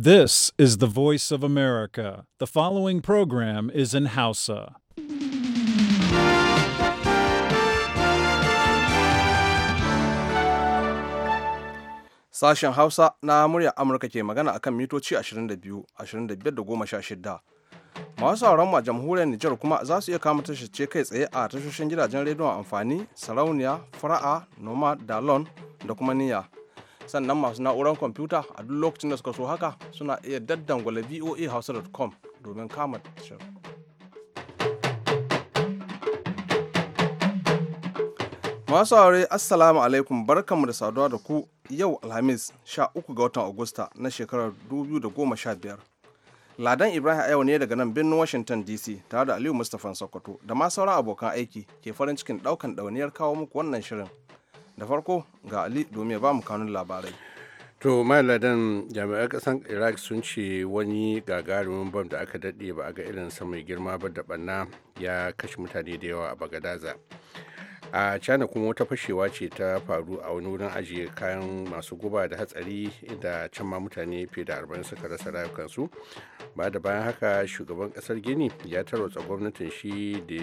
This is the voice of America. The following program is in Hausa. Sashen Hausa na murya Amurka ke magana akan mitoci 22, 25 16. Masu sauran a jamhuriyar Nijar kuma za su iya kama tashace kai tsaye a tashoshin gidajen rediyon amfani, sarauniya, fara'a, noma, dalon da kuma niyya. sannan masu na'urar kwamfuta a duk lokacin da suka so haka suna iya daddangwale voa hausa.com domin kama shirin Masu aure Assalamu alaikum barkanmu da saduwa da ku yau Alhamis 13 ga watan Agusta na shekarar 2015. Ladan Ibrahim a yau ne daga nan birnin Washington DC tare da Aliyu Mustapha Sokoto da ma sauran abokan aiki ke farin cikin daukan ɗauniyar kawo muku wannan shirin. da farko ga ali domin ya ba mu kanun labarai to ladan jami'an kasan iraq sun ce wani gagarumin bam da aka daɗe ba a ga irin mai girma ba da ɓanna ya kashe mutane da yawa a bagadaza a china kuma wata fashewa ce ta faru a wani wurin ajiye kayan masu guba da hatsari inda can ma mutane fiye da 40 suka rasa rayukansu ba da bayan haka shugaban kasar gini ya tarwatsa gwamnatin shi da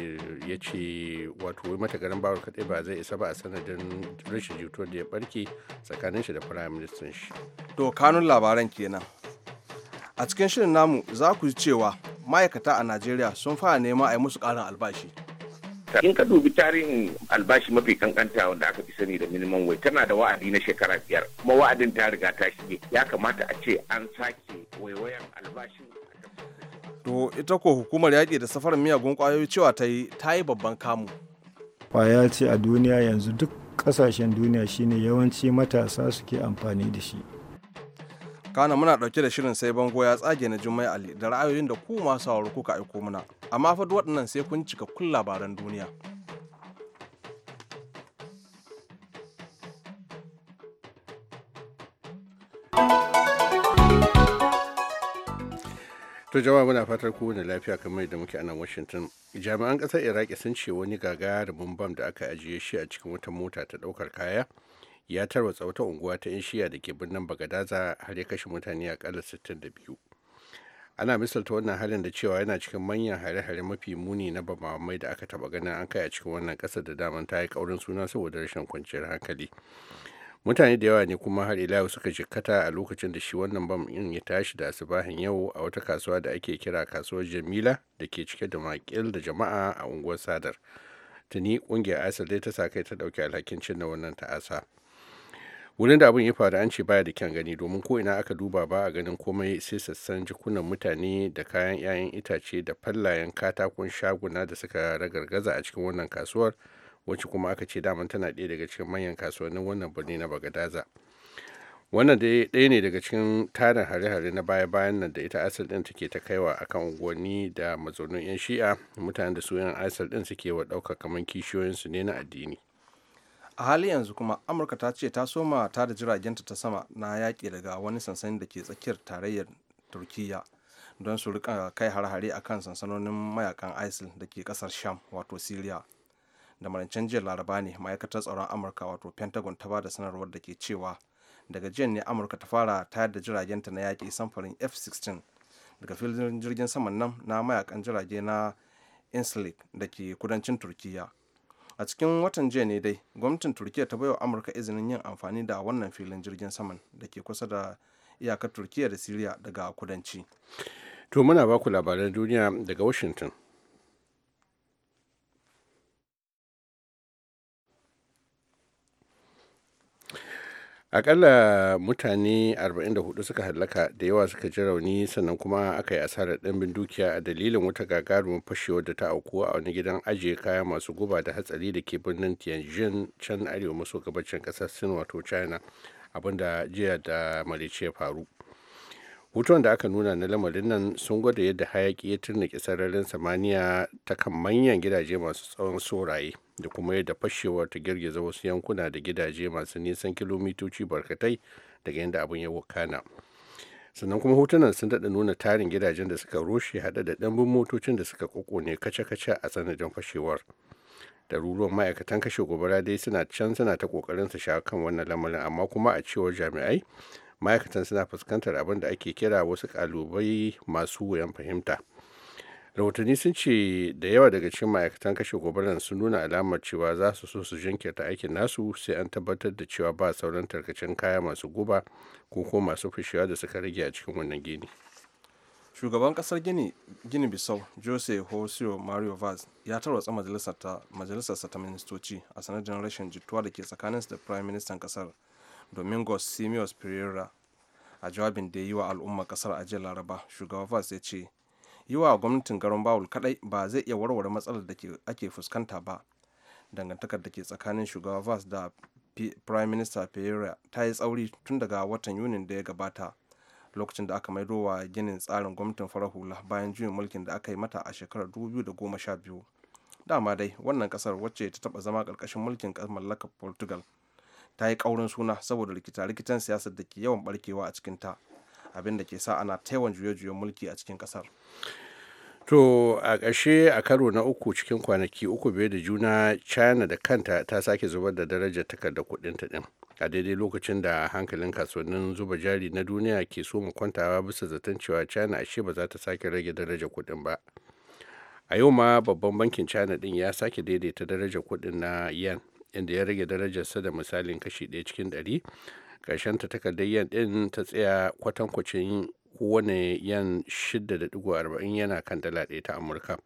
ya ce wato wai garin bawar kaɗai ba zai isa ba a sanadin rashin jituwar da ya barke tsakanin shi da firayim ministan shi to kanun labaran kenan a cikin shirin namu za ku ji cewa ma'aikata a najeriya sun fara nema a yi musu ƙarin albashi in ka dubi tarihin albashi mafi kankanta wanda aka fi sani da minimum wage tana da wa'adi na shekara biyar kuma wa'adin ta riga ta shige ya kamata a ce an sake waiwayar albashin to ita ko hukumar yaƙi da safarar miyagun ƙwayoyi cewa ta yi ta yi babban kamu ƙwaya ce a duniya yanzu duk ƙasashen duniya shine yawanci matasa suke amfani da shi kana muna ɗauke da shirin sai bango ya tsage na jumaa ali da ra'ayoyin da ku masu sauraro kuka aiko mana amma fa waɗannan sai kun cika kun labaran duniya. to jama'a muna fatar kowane lafiya kamar da muke a nan washington jami'an ƙasar iraki sun ce wani gagarumin bam da aka ajiye shi a cikin wata mota ta ɗaukar kaya ya tarwatsa wata unguwa ta 'yan shiya da ke birnin bagadaza har ya kashe mutane akalla 62 ana misalta wannan halin da cewa yana cikin manyan hare-hare mafi muni na bamamai da aka taba ganin an kai a cikin wannan kasar da daman ta yi ƙaurin suna saboda rashin kwanciyar hankali mutane da yawa ne kuma har ila suka jikkata a lokacin da shi wannan bam in ya tashi da asibahin yau a wata kasuwa da ake kira kasuwar jamila da ke cike da makil da jama'a a unguwar sadar tuni ƙungiyar asir dai ta sa kai ta ɗauki alhakin cin na wannan ta'asa wurin da abin ya faru an ce baya da kyan gani domin ko ina aka duba ba a ganin komai sai sassan jikunan mutane da kayan 'ya'yan itace da fallayen katakon shaguna da suka ragargaza a cikin wannan kasuwar wacce kuma aka ce daman tana ɗaya daga cikin manyan kasuwannin wannan birni na bagadaza wannan dai ɗaya ne daga cikin tarin hare-hare na baya-bayan nan da ita asal din take ta kaiwa a kan unguwanni da mazaunin 'yan shi'a mutanen da su 'yan asal din suke wa ɗauka kamar kishiyoyinsu ne na addini a hali yanzu kuma amurka ta ce ta soma ta da jiragenta ta sama na yaƙi daga wani sansanin da ke tsakiyar tarayyar turkiyya don su rika kai har-hare a kan sansanonin mayakan isil da ke kasar sham wato syria da marancen jiya laraba ne ma'aikatar tsaron amurka wato pentagon ta ba da sanarwar da ke cewa daga jiya ne amurka ta fara tayar da jiragenta na yaƙi samfurin f-16 daga filin jirgin saman nan na mayakan jirage na inslik da ke kudancin turkiyya a cikin watan jiya ne dai gwamnatin turkiya ta baiwa amurka izinin yin amfani da wannan filin jirgin saman da ke kusa da iyakar turkiya da siriya daga kudanci to muna baku labaran duniya daga washington akalla mutane 44 suka hallaka da yawa suka ji rauni sannan kuma aka yi asarar ɗimbin dukiya a dalilin wata gagarumin fashewar da ta auku a wani gidan ajiye kaya masu guba da hatsari da ke birnin tianjin can arewa maso gabacin ƙasar sin wato china abinda jiya da malice ya faru hutuwan da aka nuna na lamarin nan sun gwada yadda hayaki ya turnike sararin samaniya ta kan manyan gidaje masu tsawon soraye da kuma yadda fashewar ta girgiza wasu yankuna da gidaje masu nisan kilomitoci barkatai daga yadda abin ya wakana sannan kuma hotunan sun daɗa nuna tarin gidajen da suka rushe haɗe da ɗanbin motocin da suka ne kaca kaca a sanadin fashewar daruruwan ma'aikatan kashe gobara dai suna can suna ta kokarin su shawo kan wannan lamarin amma kuma a cewar jami'ai ma'aikatan suna fuskantar abin da ake kira wasu kalubai masu wuyan fahimta rahotanni sun ce da yawa daga cikin ma'aikatan kashe gobaran sun nuna alamar cewa za su so su jinkirta aikin nasu sai an tabbatar da cewa ba sauran tarkacen kaya masu guba ko ko masu fushewa da suka rage a cikin wannan gini shugaban kasar gini gini bisau jose josio mario vaz ya tarwatsa majalisar ta ministoci a sanadin rashin jituwa da ke tsakanin da prime minister kasar domingos simios pereira a jawabin da ya yi wa al'ummar kasar a jiya laraba shugaban vaz ya ce yi wa gwamnatin garin bawul kadai ba zai iya warware matsalar da ake fuskanta ba dangantakar da ke tsakanin shugaba vas da prime minister pereira ta yi tsauri tun daga watan yunin da ya gabata lokacin da aka maido wa ginin tsarin gwamnatin farar hula bayan juyin mulkin da aka yi mata a shekarar 2012 dama dai wannan kasar wacce ta taba zama karkashin mulkin mallakar portugal ta yi kaurin suna saboda rikita-rikitan siyasar da ke yawan barkewa a cikinta. ta abin da ke sa ana taiwan juye-juyen mulki a cikin kasar to a ƙashe a karo na uku cikin kwanaki uku biyu da juna china da kanta ta sake zubar da darajar takarda ta ɗin a daidai lokacin da hankalin kasuwannin zuba jari na duniya ke so mu kwantawa bisa zaton cewa china ashe ba za ta sake rage darajar kuɗin ba a yau ma babban bankin china ɗin ya sake daidaita darajar kuɗin na yan inda ya rage darajarsa da misalin kashi ɗaya cikin ɗari ta takardar yan ɗin ta tsaya kwatankwacin kowane yan 6.40 yana kan dala ɗaya ta amurka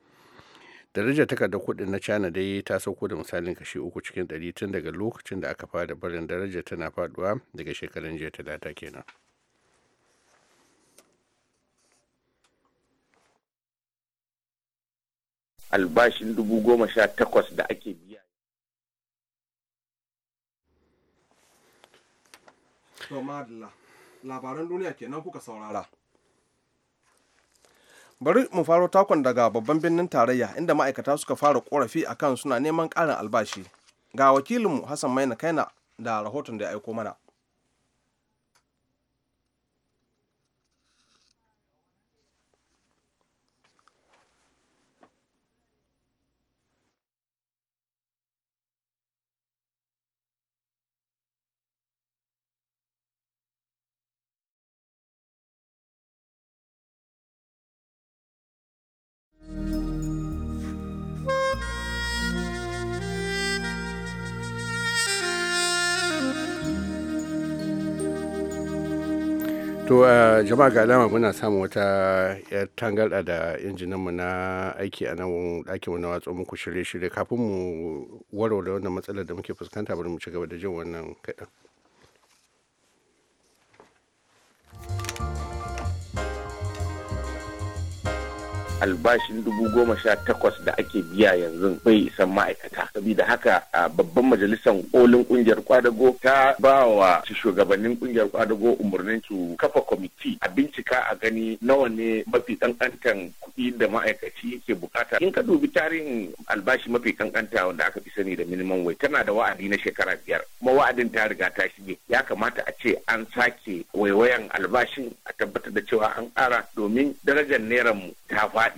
darajar takardar kuɗin na china dai ta sauko da misalin kashi uku cikin ɗari tun daga lokacin da aka fara barin darajar tana faduwa daga shekarun jiya talata kenan albashin dubu goma sha takwas da ake bi to duniya kenan kuka saurara bari mu faro takon daga babban birnin tarayya inda ma'aikata suka fara korafi akan suna neman ƙarin albashi ga wakilinmu hassan maina kaina da rahoton da ya aiko mana to a eh, jama'a ga alama muna samun wata yar tangarɗa da injinanmu na aiki a nan ɗakinmu na watsa muku shirye-shirye kafin mu warware wannan matsalar da muke fuskanta bari mu ci gaba da jin wannan kaɗan. albashin dubu goma sha takwas da ake biya yanzu bai isan ma'aikata saboda haka a babban majalisar kolin kungiyar kwadago ta ba wa shugabannin kungiyar kwadago umarnin su kafa kwamiti a bincika a gani nawa ne mafi kankantan kuɗi da ma'aikaci ke bukata in ka dubi tarihin albashi mafi kankanta wanda aka fi sani da minimum wage tana da wa'adi na shekara biyar kuma wa'adin ta riga ta shige ya kamata a ce an sake waiwayan albashin a tabbatar da cewa an ƙara domin darajar mu ta faɗi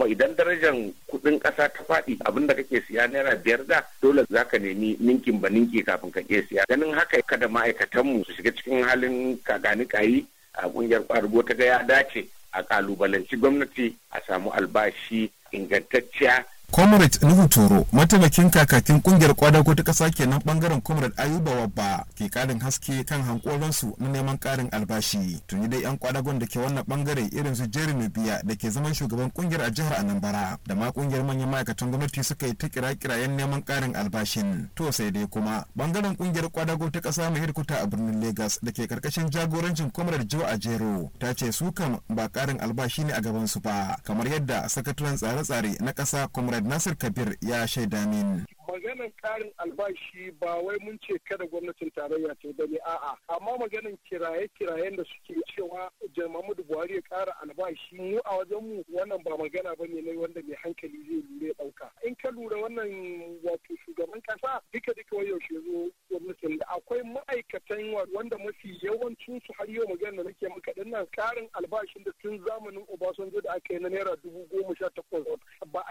kuma idan darajar kuɗin kasa ta faɗi abin da kake siya naira biyar da dole za ka nemi ninkin ba ninki kafin ka ke siya ganin haka kada ma'aikatanmu su shiga cikin halin kagani kayi a ƙungiyar kwarugo ta ga ya dace a ƙalubalanci gwamnati a samu albashi ingantacciya comrade nuhu toro mataimakin kakakin kungiyar kwadago ta kasa kenan bangaren comrade ayuba wabba ke karin haske kan hankoransu na neman karin albashi tuni dai yan kwadagon da ke wannan bangare irin su jeremy biya da ke zaman shugaban kungiyar a jihar anambra da ma kungiyar manyan ma'aikatan gwamnati suka yi ta kira-kirayen neman karin albashin to sai dai kuma bangaren kungiyar kwadago ta kasa mai hirkuta a birnin lagos da ke karkashin jagorancin comrade joe ajero ta ce su kam ba karin albashi ne a gaban su ba kamar yadda sakataren tsare-tsare na kasa comrade Comrade Nasir Kabir ya shaida min. maganar karin albashi ba wai mun ce kada gwamnatin tarayya ce bane a'a amma maganin kiraye-kirayen da suke cewa jamamu da buhari ya kara albashi mu a wajen mu wannan ba magana bane ne wanda mai hankali zai lura dauka in ka lura wannan wato shugaban kasa duka duka wayo shi zo gwamnatin da akwai ma'aikatan wanda mafi yawancin su har yau maganar da nake maka dinnan karin albashin da tun zamanin Obasanjo da aka yi na naira dubu goma sha takwas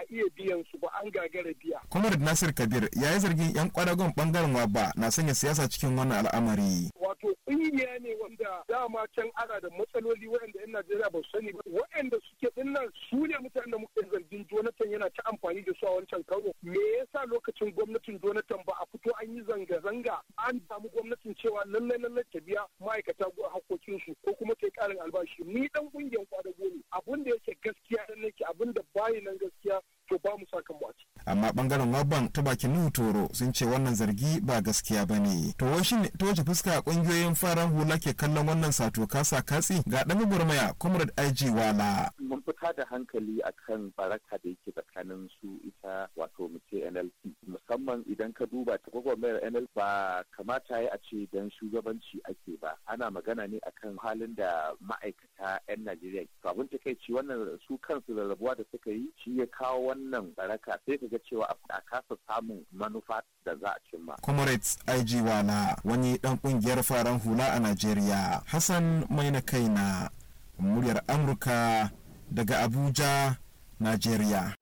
iya biyan su ba an gagara biya. kumar Nasir Kabir yayi zargin 'yan kwadagon bangaren ba na sanya siyasa cikin wannan al'amari. Wato ƙungiya ne wanda dama can ana da matsaloli waɗanda 'yan Najeriya ba su sani ba waɗanda suke dinnan su ne mutanen da muke zargin Jonathan yana ta amfani da su a wancan karo. Me yasa lokacin gwamnatin Jonathan ba a fito an yi zanga-zanga an samu gwamnatin cewa lallai-lallai ta biya ma'aikata hakokinsu ko kuma ta yi ƙarin albashi. Ni dan kungiyar kwadago ne abin da yake gaskiya dan nake abin da bayi nan gaskiya to ba mu sa kanmu a ciki. amma bangaren wabban ta bakin nuhu toro sun ce wannan zargi ba gaskiya ba ne to ne ta wace fuska kungiyoyin farar hula ke kallon wannan sato kasa katsi ga dan gurmaya comrade IG Wala mun fita da hankali akan baraka da yake tsakanin su ita wato mu ce NLC musamman idan ka duba ta gwagwarmayar NL ba kamata ya a ce don shugabanci ake ba ana magana ne akan halin da ma'aikata 'yan Najeriya kafin ta kai ci wannan su kansu da rabuwa da suka yi shi ya kawo wannan baraka sai ka ga cewa a kasa samun manufa da za a cimma. Comrades IG wana wani dan kungiyar faran hula a Najeriya Hassan Maina na muryar Amurka daga Abuja Najeriya.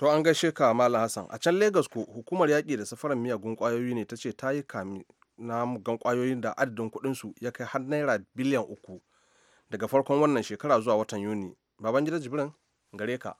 To an gaishe ka mala Hassan. A can Lagos ko hukumar yaƙi da safarar miyagun ƙwayoyi ne ta ce ta yi kami na mugan ƙwayoyin da adadin su ya kai har naira biliyan uku daga farkon wannan shekara zuwa watan Yuni. baban Babangida Jibrin gare ka.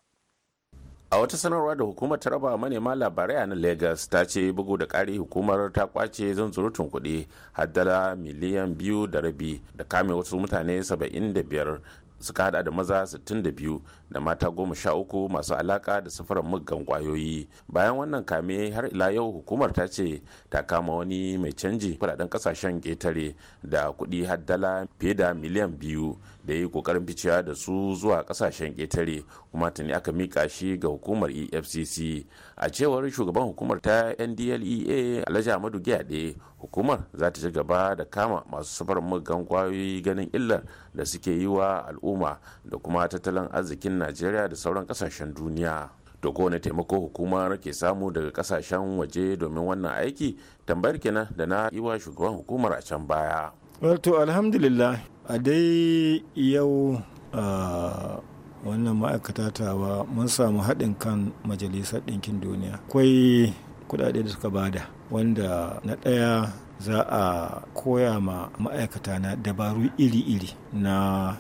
a wata sanarwa da hukumar ta raba manema labarai a nan lagos ta ce bugu da ƙari hukumar ta kwace zanzurutun kuɗi haddala miliyan biyu da rabi da kame wasu mutane saba'in da biyar suka hada da maza 62 da mata 13 masu alaka da safarar muggan kwayoyi bayan wannan kame har ila yau hukumar ta ce ta kama wani mai canji kudaden kasashen ketare da kudi haddala fiye da miliyan biyu da yi kokarin ficewa da su zuwa kasashen ketare kuma tuni aka mika shi ga hukumar efcc a cewar shugaban hukumar ta ndlea alhaji amadu gyade hukumar za ta ci gaba da kama masu safar muggan kwayoyi ganin illar da suke yi wa al'umma da kuma tattalin arzikin najeriya da sauran kasashen duniya da kowane taimako hukumar ke samu daga kasashen waje domin wannan aiki tambayar kenan da na yi wa shugaban hukumar a can baya wato alhamdulillah a dai yau ah, wannan ma'aikata tawa mun samu haɗin kan majalisar ɗinkin duniya akwai kuɗaɗe da suka bada wanda na ɗaya za a koya ma ma'aikata na dabaru iri-iri na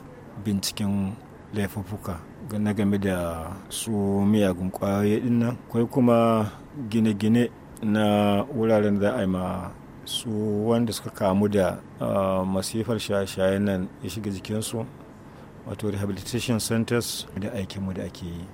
binciken laifuffuka na game da su miyagun ƙwayoyi nan akwai kuma gine-gine na wuraren za a yi ma su wanda suka kamu da ah, masifar shaye shaye nan ya shiga jikinsu wato rehabilitation centers da aikinmu da ake yi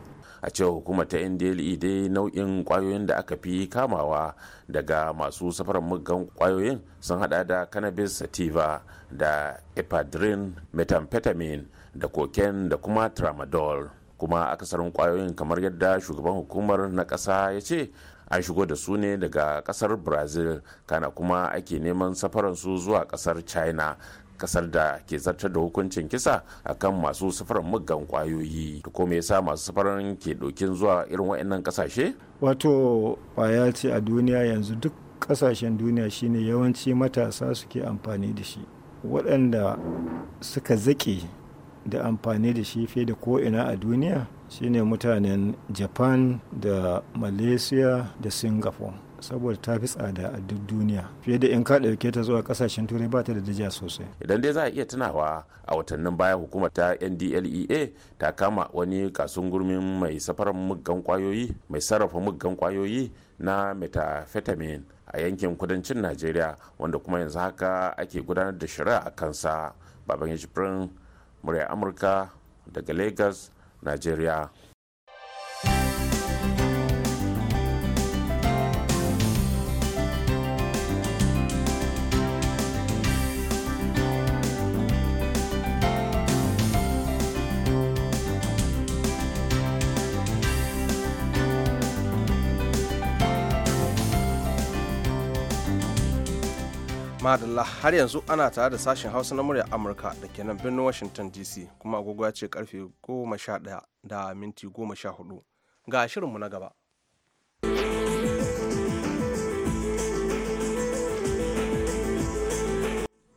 a cewa hukumar ta ndle dai nau'in kwayoyin da aka fi kamawa daga masu safarar muggan kwayoyin sun hada da cannabis sativa da epadrin methamphetamine da cocaine da kuma tramadol kuma akasarin kwayoyin kamar yadda shugaban hukumar na ƙasa ya ce an shigo da su ne daga kasar brazil kana kuma ake neman safaransu zuwa kasar china kasar da ke zartar da hukuncin kisa a kan masu safarar muggan kwayoyi da kuma yasa masu safarar ke dokin zuwa irin waɗannan kasashe wato kwaya ce a duniya yanzu duk kasashen duniya shine yawanci matasa suke amfani da shi waɗanda suka zaƙe da amfani da shi fiye da ko'ina a duniya shine mutanen japan da malaysia da singapore saboda ta fi tsada a duk duniya fiye da in ka ɗauke ta zuwa ƙasashen turai ba ta da daja sosai idan dai za a iya tunawa a watannin baya hukumar ta ndlea ta kama wani kasun gurmin mai safarar muggan kwayoyi mai sarrafa muggan kwayoyi na metafetamin a yankin kudancin najeriya wanda kuma yanzu haka ake gudanar da shari'a a kansa baban yajibirin murya amurka daga lagos najeriya madalla har yanzu ana tare da sashen hausa na murya amurka da ke nan birnin washington dc kuma agogo ya ce karfe 11 da minti 14 ga shirinmu na gaba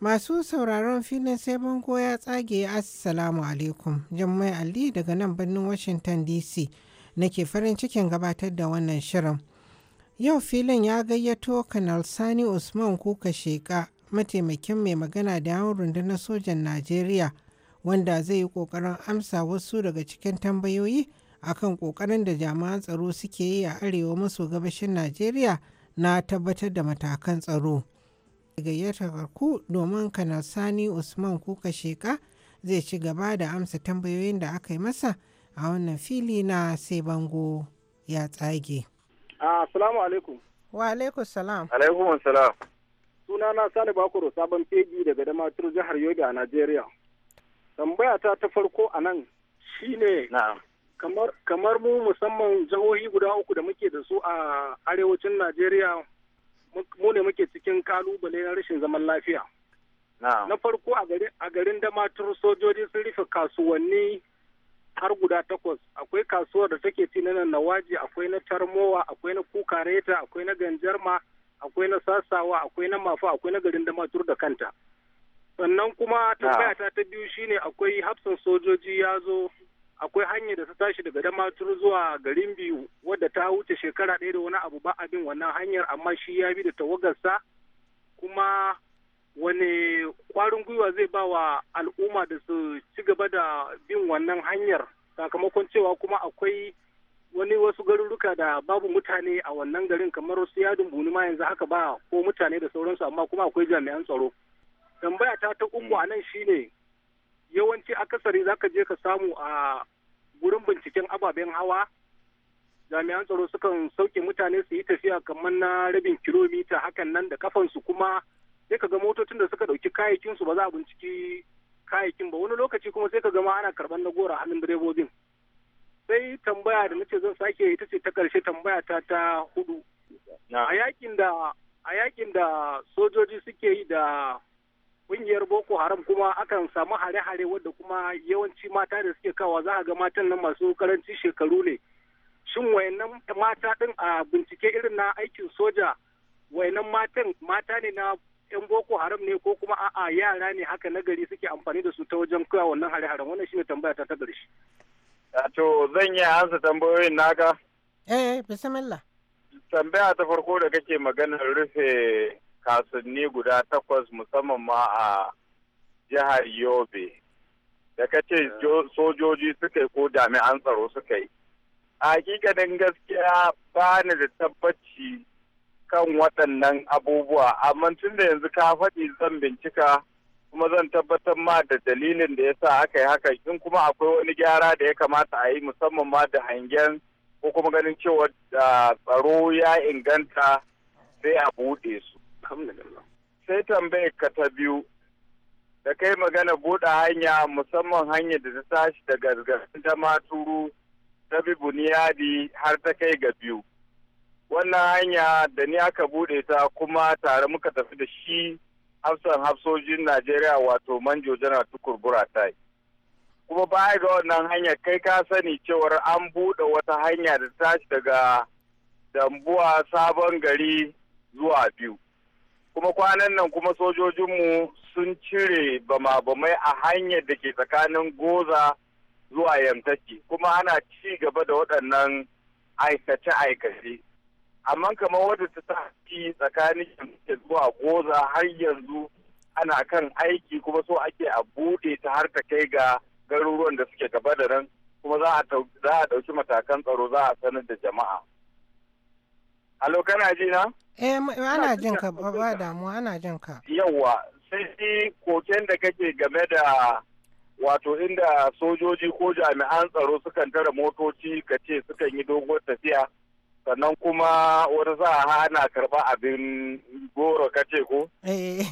masu sauraron filin sai bango ya tsage assalamu alaikum jammai ali daga nan birnin washington dc nake farin cikin gabatar da wannan shirin Yau filin ya gayyato Kanal Sani Usman Kuka Sheka, mataimakin mai magana da yawon rundunar sojan Najeriya, wanda zai yi ƙoƙarin amsa wasu daga cikin tambayoyi akan ƙoƙarin da jami'an tsaro suke yi a arewa maso gabashin Najeriya na tabbatar da matakan tsaro. Gayyatar ku domin Kanal Sani Usman Kuka Sheka zai ci gaba da amsa tambayoyin da aka yi masa a wannan fili na sai bango ya tsage. Assalamu alaikum. Wa alaikum salam. Alaikum salam. suna na Sani bakoro sabon fegi daga Damatur jihar Yobe a Najeriya. Tambaya ta ta farko a nan ne. kamar kamar mu musamman jihohi guda uku da muke da su a arewacin Najeriya mu ne muke cikin kalubale na rashin zaman lafiya. Na farko a garin Damatur sojoji sun rufe kasuwanni har guda takwas akwai kasuwar da take ci na nan waji akwai na tarmowa akwai na kuka kukareta akwai na ganjarma akwai na sassawa akwai na mafa akwai na garin damatur da kanta sannan kuma tambaya ta ta biyu shine akwai hafsan sojoji ya zo akwai hanyar da ta tashi daga damatur zuwa garin biyu wadda ta wuce shekara ɗaya da wani abu ba abin wannan hanyar amma shi ya bi da tawagarsa kuma wani kwarin gwiwa zai ba wa al'umma da su ci gaba da bin wannan hanyar sakamakon cewa kuma akwai wani wasu garuruka da babu mutane a wannan garin kamar su yadin buni ma yanzu haka ba ko mutane da sauransu amma kuma akwai jami'an tsaro tambaya ta ta ummu a nan shine yawanci akasari zaka je ka samu a gurin binciken ababen hawa jami'an tsaro sukan sauke mutane su yi tafiya kamar na rabin kilomita hakan nan da kafansu kuma sai ka ga motocin da suka ɗauki kayayyakin su ba za a binciki kayayyakin ba wani lokaci kuma sai ka ga ma ana karɓar na gora hannun direbobin sai tambaya da nace zan sake ita ce ta karshe tambaya ta ta hudu a yakin da a yakin da sojoji suke yi da kungiyar boko haram kuma akan samu hare-hare wadda kuma yawanci mata da suke kawa za a ga matan nan masu karanci shekaru ne shin wayannan mata din a bincike irin na aikin soja wayannan matan mata ne na 'yan boko haram ne ko kuma a'a yara ne haka nagari suke amfani da su ta wajen kawo wannan hare-haren wannan shine tambaya ta ta ƙarshe. to zan yi ansa tambayoyin naka. eh bismillah. tambaya ta farko da kake maganar rufe kasanni guda takwas musamman ma a jihar yobe da ka ce eh. sojoji suka yi ko jami'an tsaro suka yi. a hakikanin gaskiya ba ni da tabbaci kan waɗannan abubuwa amma tun da yanzu ka faɗi zan bincika kuma zan tabbatar ma da dalilin da ya sa aka yi haka in kuma akwai wani gyara da ya kamata a yi musamman ma da hangen ko kuma ganin cewa tsaro ya inganta sai a buɗe su. Sai tambayar ka ta biyu da kai magana buɗe hanya musamman hanya da ta tashi daga ta maturu ta bi buniyadi har ta kai ga biyu. wannan hanya da ni aka bude ta kuma tare muka tafi da shi hafsan hafsojin najeriya wato manjo jana tukur buratai kuma baya ga wannan hanya kai ka sani cewar an bude wata hanya da tashi daga dambuwa sabon gari zuwa biyu kuma kwanan nan kuma sojojinmu sun cire bama-bamai a hanyar da ke tsakanin goza zuwa yamtaki kuma ana ci gaba da waɗannan aikace-aikace amma kamar wadda ta tafi tsakanin da zuwa goza har yanzu ana kan aiki kuma so ake a bude ta har ta kai ga garuruwan da suke gaba da nan kuma za a ɗauki matakan tsaro za a sanar da jama'a. Alo kana ji na? Eh ana jin ka ba damuwa ana jin ka. Yawwa sai shi koken da kake game da wato inda sojoji ko jami'an tsaro sukan tara motoci ka ce sukan yi doguwar tafiya sannan kuma wani za a hana karba abin goro kace ko? Eh.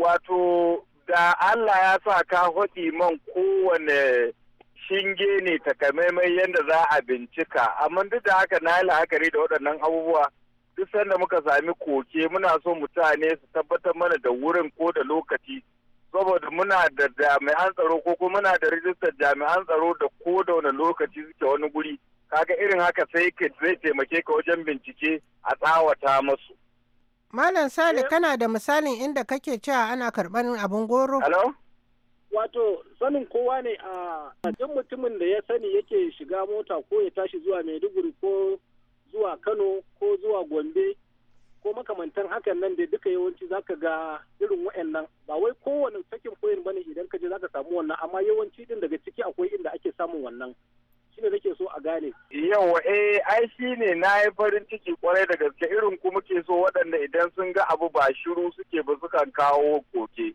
Wato da Allah ya sa ka haɗi man kowane shinge ne takamaimai yadda za a bincika amma duk da haka na yi la'akari da waɗannan abubuwa duk sanda muka sami koke muna so mutane su tabbatar mana da wurin ko da lokaci saboda muna da jami'an tsaro ko kuma muna da rijistar jami'an tsaro da ko da wani lokaci suke wani guri kaga irin haka sai ke zai taimake ka wajen bincike a tsawata masu. Malam Sale eh? kana da misalin inda kake cewa ana karɓar abin goro? Hello? Wato sanin kowa ne a duk mutumin da ya sani yake shiga mota ko ya tashi zuwa Maiduguri ko zuwa Kano ko zuwa Gombe ko makamantan hakan nan da duka yawanci zaka ga irin waɗannan. ba wai kowane sakin koyin bane idan ka je zaka samu wannan amma yawanci din daga ciki akwai inda ake samun wannan. shi ne nake so a gane. Yau eh ai shi ne na yi farin ciki kwarai da gaske irin ku muke so waɗanda idan sun ga abu ba shiru suke ba sukan kawo koke.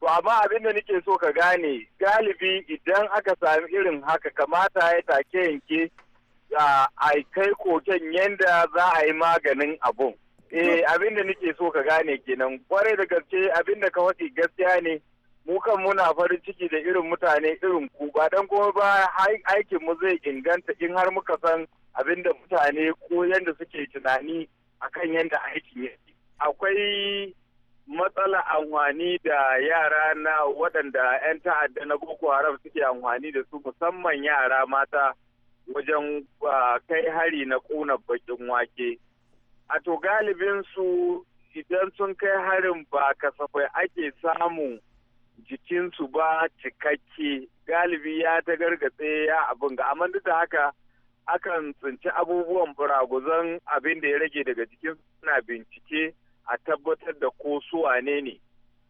To amma abin da nake so ka gane galibi idan aka sami irin haka kamata ya take yanke a kai koken yanda za a yi maganin abun. Eh abin da nake so ka gane kenan kwarai da gaske abin da ka waɗi gaskiya ne. mu kan muna farin ciki da irin mutane irin ku ba dan kuma ba aikin mu zai inganta in har muka san abinda mutane ko yanda suke tunani akan yanda aikin yake akwai matsala amfani da yara na waɗanda 'yan ta'adda na boko haram suke amfani da su musamman yara mata wajen kai hari na ƙuna bakin wake a to galibin su idan sun kai harin ba kasafai ake samu. jikinsu ba cikakke galibi ya ta gargatse ya abin ga amma duk da haka akan tsinci abubuwan buraguzan abin da ya rage daga jikin suna bincike a tabbatar da ko su wane ne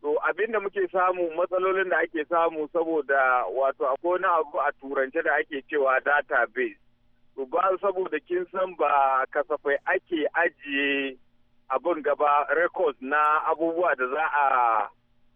to abin da muke samu matsalolin da ake samu saboda wato akwai na abu a turance da ake cewa database to ba saboda kin san ba kasafai ake ajiye abin gaba records na abubuwa da za a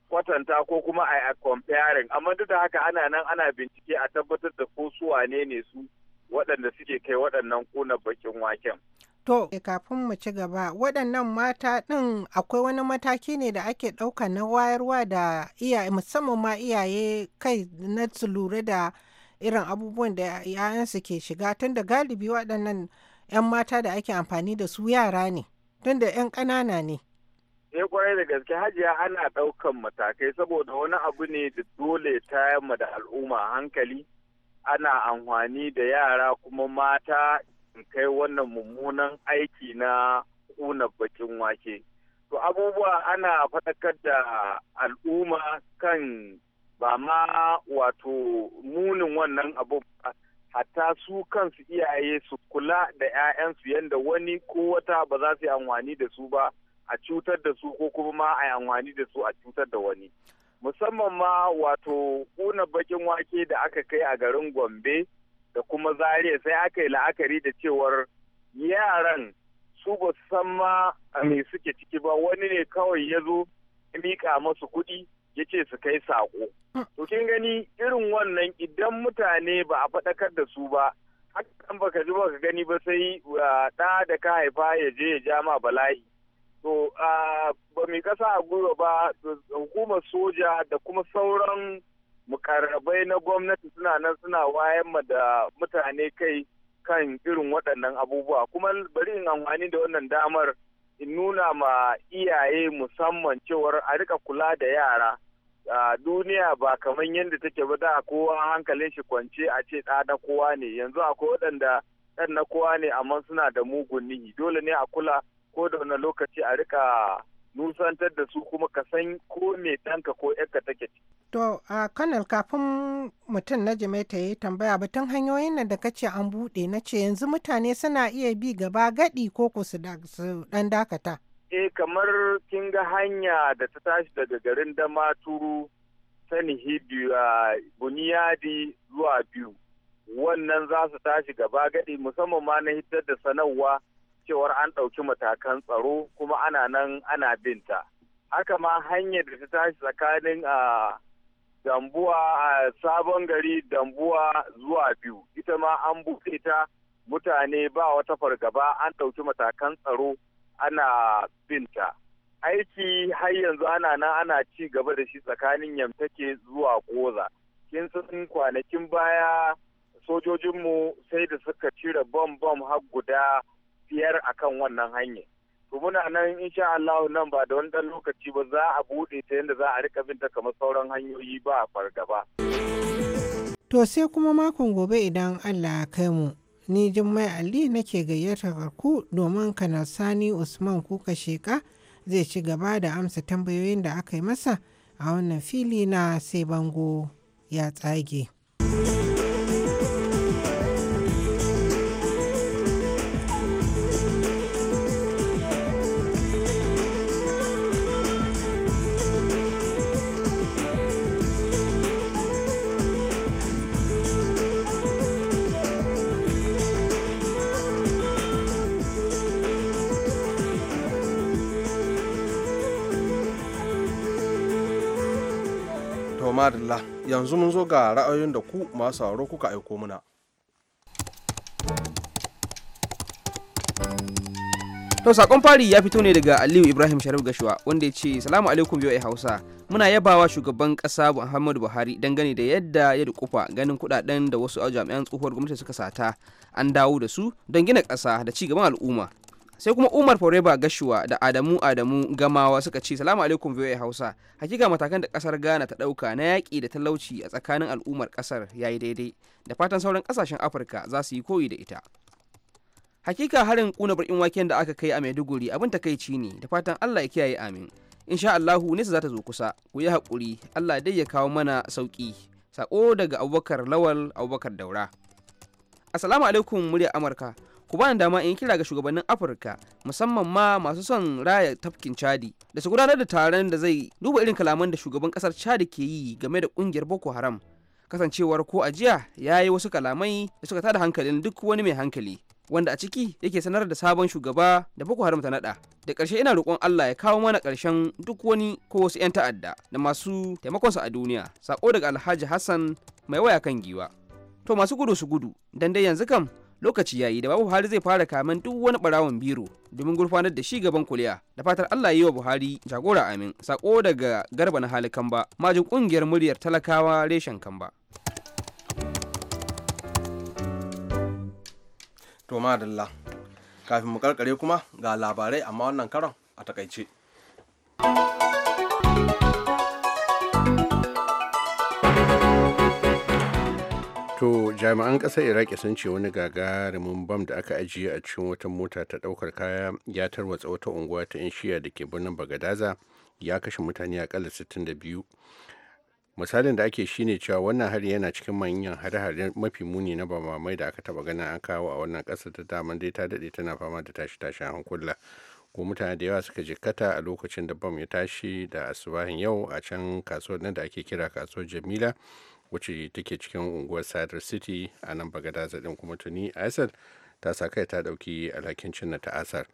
kwatanta ko kuma a comparing amma duk da haka ana nan ana bincike a tabbatar da ko su wane ne su waɗanda suke kai waɗannan kuna bakin waken. To, kafin mu ci gaba, waɗannan mata ɗin akwai wani mataki ne da ake ɗauka na wayarwa da iyaye musamman ma iyaye kai na sulura lura da irin abubuwan da ‘ya'yansu ke shiga tun da galibi waɗannan ‘yan mata da ake amfani da su yara ne, tun da ‘yan ƙanana ne. sai eh, kwarai da gaske hajiya ana ɗaukan matakai saboda wani abu ne da dole ta yamma da al'umma hankali ana amfani da yara kuma mata in kai wannan mummunan aiki na kuna bakin wake to abubuwa ana faɗakar da al'umma kan ba ma wato munin wannan abu hatta su kansu iyaye su kula da 'ya'yansu yadda wani ko wata ba za su yi amfani da su ba a cutar da su ko kuma ma a yi da su a cutar da wani musamman ma wato kuna bakin wake da aka kai a garin gombe da kuma zariya sai aka yi la'akari da cewar yaran su ba su san ma a me suke ciki ba wani ne kawai ya zo miƙa masu kuɗi ya ce su kai saƙo. To kin gani irin wannan idan mutane ba a faɗakar da su ba haka kan baka ji baka gani ba sai ah, ɗa da ka haifa ya je ya ja ma bala'i. to ba mai kasa a gwiwa ba hukumar soja da kuma sauran mukarrabai na gwamnati suna nan suna wayan ma da mutane kai kan irin waɗannan abubuwa kuma bari in amfani da wannan damar in nuna ma iyaye musamman cewar a rika kula da yara a duniya ba kamar yadda take ba da kowa hankalin shi kwance a ce ɗa na kowa ne yanzu akwai waɗanda ɗan na kowa ne amma suna da mugun nihi dole ne a kula ko da wani lokaci a rika nusantar da su kuma ka san ko me ɗanka ko ƴarka take ci. To, a kanal kafin mutum na Jamaica ya tambaya batun hanyoyin nan da kace an buɗe na ce yanzu mutane suna iya bi gaba gaɗi ko ku su ɗan dakata. Eh kamar kin ga hanya da ta tashi daga garin Damaturu sani hibiya buniyadi zuwa biyu. Wannan za su tashi gaba gaɗi musamman ma na hitar da sanarwa cewar an ɗauki matakan tsaro kuma ana nan ana binta haka ma hanyar da ta tashi tsakanin a dambuwa a sabon gari dambuwa zuwa biyu ita ma an buɗe ta mutane ba wata fargaba an ɗauki matakan tsaro ana binta aiki har yanzu ana nan ana ci gaba da shi tsakanin yamtake zuwa goza kin san kwanakin baya sojojinmu sai da suka cire bom bom har guda biyar kan wannan hanyar to muna nan insha Allah nan ba da wani dan lokaci ba za a buɗe ta yadda za a rika bin ta kamar sauran hanyoyi ba a fargaba. To sai kuma makon gobe idan Allah ya kai mu. Ni Jummai Ali nake gayyata ku domin kana Sani Usman kuka sheka zai ci gaba da amsa tambayoyin da aka yi masa a wannan fili na sai bango ya tsage. yanzu mun zo ga ra'ayoyin da ku masu sauro kuka aiko muna To sakon fari ya fito ne daga Aliyu Ibrahim Sharif Gashuwa wanda ya ce salamu alaikum VOA Hausa muna yabawa shugaban kasa Muhammadu Buhari dangane da yadda ya kufa ganin kudaden da wasu jami'an tsohuwar gwamnati suka sata an dawo da su don gina kasa da ci gaban al'umma sai kuma umar foreba gashuwa da adamu adamu gamawa suka ce salamu alaikum voa hausa hakika matakan da kasar ghana ta dauka na yaƙi da talauci a tsakanin al'ummar kasar yayi daidai da fatan sauran kasashen afirka za su yi koyi da ita hakika harin kuna bakin waken da aka kai a maiduguri abin takaici ne da fatan allah ya kiyaye amin insha allahu nesa za ta zo kusa ku yi haƙuri allah dai ya kawo mana sauƙi sako daga abubakar lawal abubakar daura assalamu alaikum murya amurka ku bani dama in kira ga shugabannin afirka musamman ma masu son raya tafkin chadi da su gudanar da taron da zai duba irin kalaman da shugaban kasar chadi ke yi game da kungiyar boko haram kasancewar ko a jiya ya yi wasu kalamai da suka tada hankalin duk wani mai hankali wanda a ciki yake sanar da sabon shugaba da boko haram ta nada da ƙarshe ina roƙon allah ya kawo mana ƙarshen duk wani ko wasu 'yan ta'adda da masu taimakonsa a duniya sako daga alhaji hassan mai waya kan giwa to masu gudu su gudu dan dai yanzu kam lokaci yayi da babu buhari zai fara kamen duk wani barawon biro domin gurfanar da shi gaban kuliya da fatar allah yi wa buhari jagora amin sako daga garba na hali kamba majin kungiyar muryar talakawa reshen kamba to madalla kafin mu karkare kuma ga labarai amma wannan karon a takaice to jami'an ƙasar iraki sun ce wani gagarumin bam da aka ajiye a cikin wata mota ta ɗaukar kaya ya tarwatsa wata unguwa ta 'yan shiya da ke birnin bagadaza ya kashe mutane a akalla 62 misalin da ake shine cewa wannan hari yana cikin manyan hare-hare mafi muni na bamamai da aka taba ganin an kawo a wannan ƙasar ta daman dai ta daɗe tana fama da tashi tashi hankula ko mutane da yawa suka jikkata a lokacin da bam ya tashi da asubahin yau a can kasuwar nan da ake kira kasuwar jamila wacce take cikin unguwar sadar city a nan bagadaza din kuma tuni asad ta sa kai ta ɗauki alhakin cinna ta asar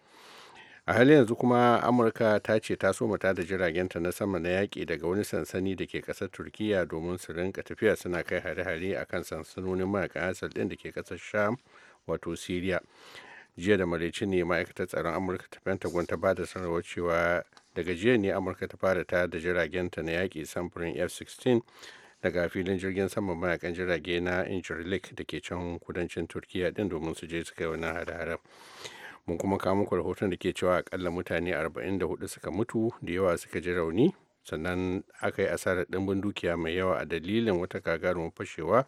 a halin yanzu kuma amurka ta ce ta so mata da jiragenta na sama na yaƙi daga wani sansani da ke ƙasar turkiya domin su rinka tafiya suna kai hare-hare a kan sansanonin mayakan asal ɗin da ke ƙasar sham wato siriya jiya da maraice ne ma'aikatar tsaron amurka ta pentagon ta bada sanarwar cewa daga jiya ne amurka ta fara ta da jiragenta na yaƙi samfurin f-16 daga filin jirgin saman mayakan jirage na injirlik da ke can kudancin turkiya din domin su je su kai wani hare hada mun kuma kawo muku rahoton da ke cewa akalla mutane 44 suka mutu da yawa suka ji rauni sannan aka yi asarar ɗimbin dukiya mai yawa a dalilin wata gagarumin fashewa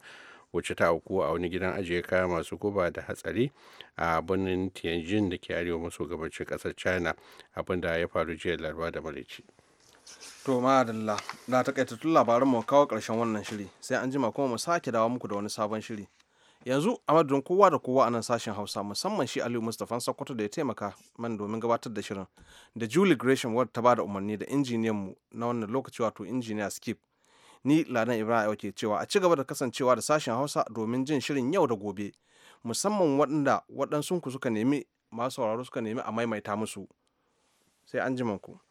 wacce ta auku a wani gidan ajiye kaya masu guba da hatsari a birnin tianjin da ke arewa maso gabacin ƙasar china abinda ya faru jiya laraba da malici To adalla da takaitattun labaran mu kawo ƙarshen wannan shiri sai an jima kuma mu sake dawo muku da wani sabon shiri. Yanzu a madadin kowa da kowa a nan sashen Hausa musamman shi Aliyu Mustapha Sokoto da ya taimaka man domin gabatar da shirin da Julie Gresham wadda ta bada umarni da injiniyan mu na wannan lokaci wato injiniya Skip. Ni Ladan Ibrahim ke cewa a ci gaba da kasancewa da sashen Hausa domin jin shirin yau da gobe musamman waɗanda ku suka nemi masu sauraro suka nemi a maimaita musu. Sai an ku.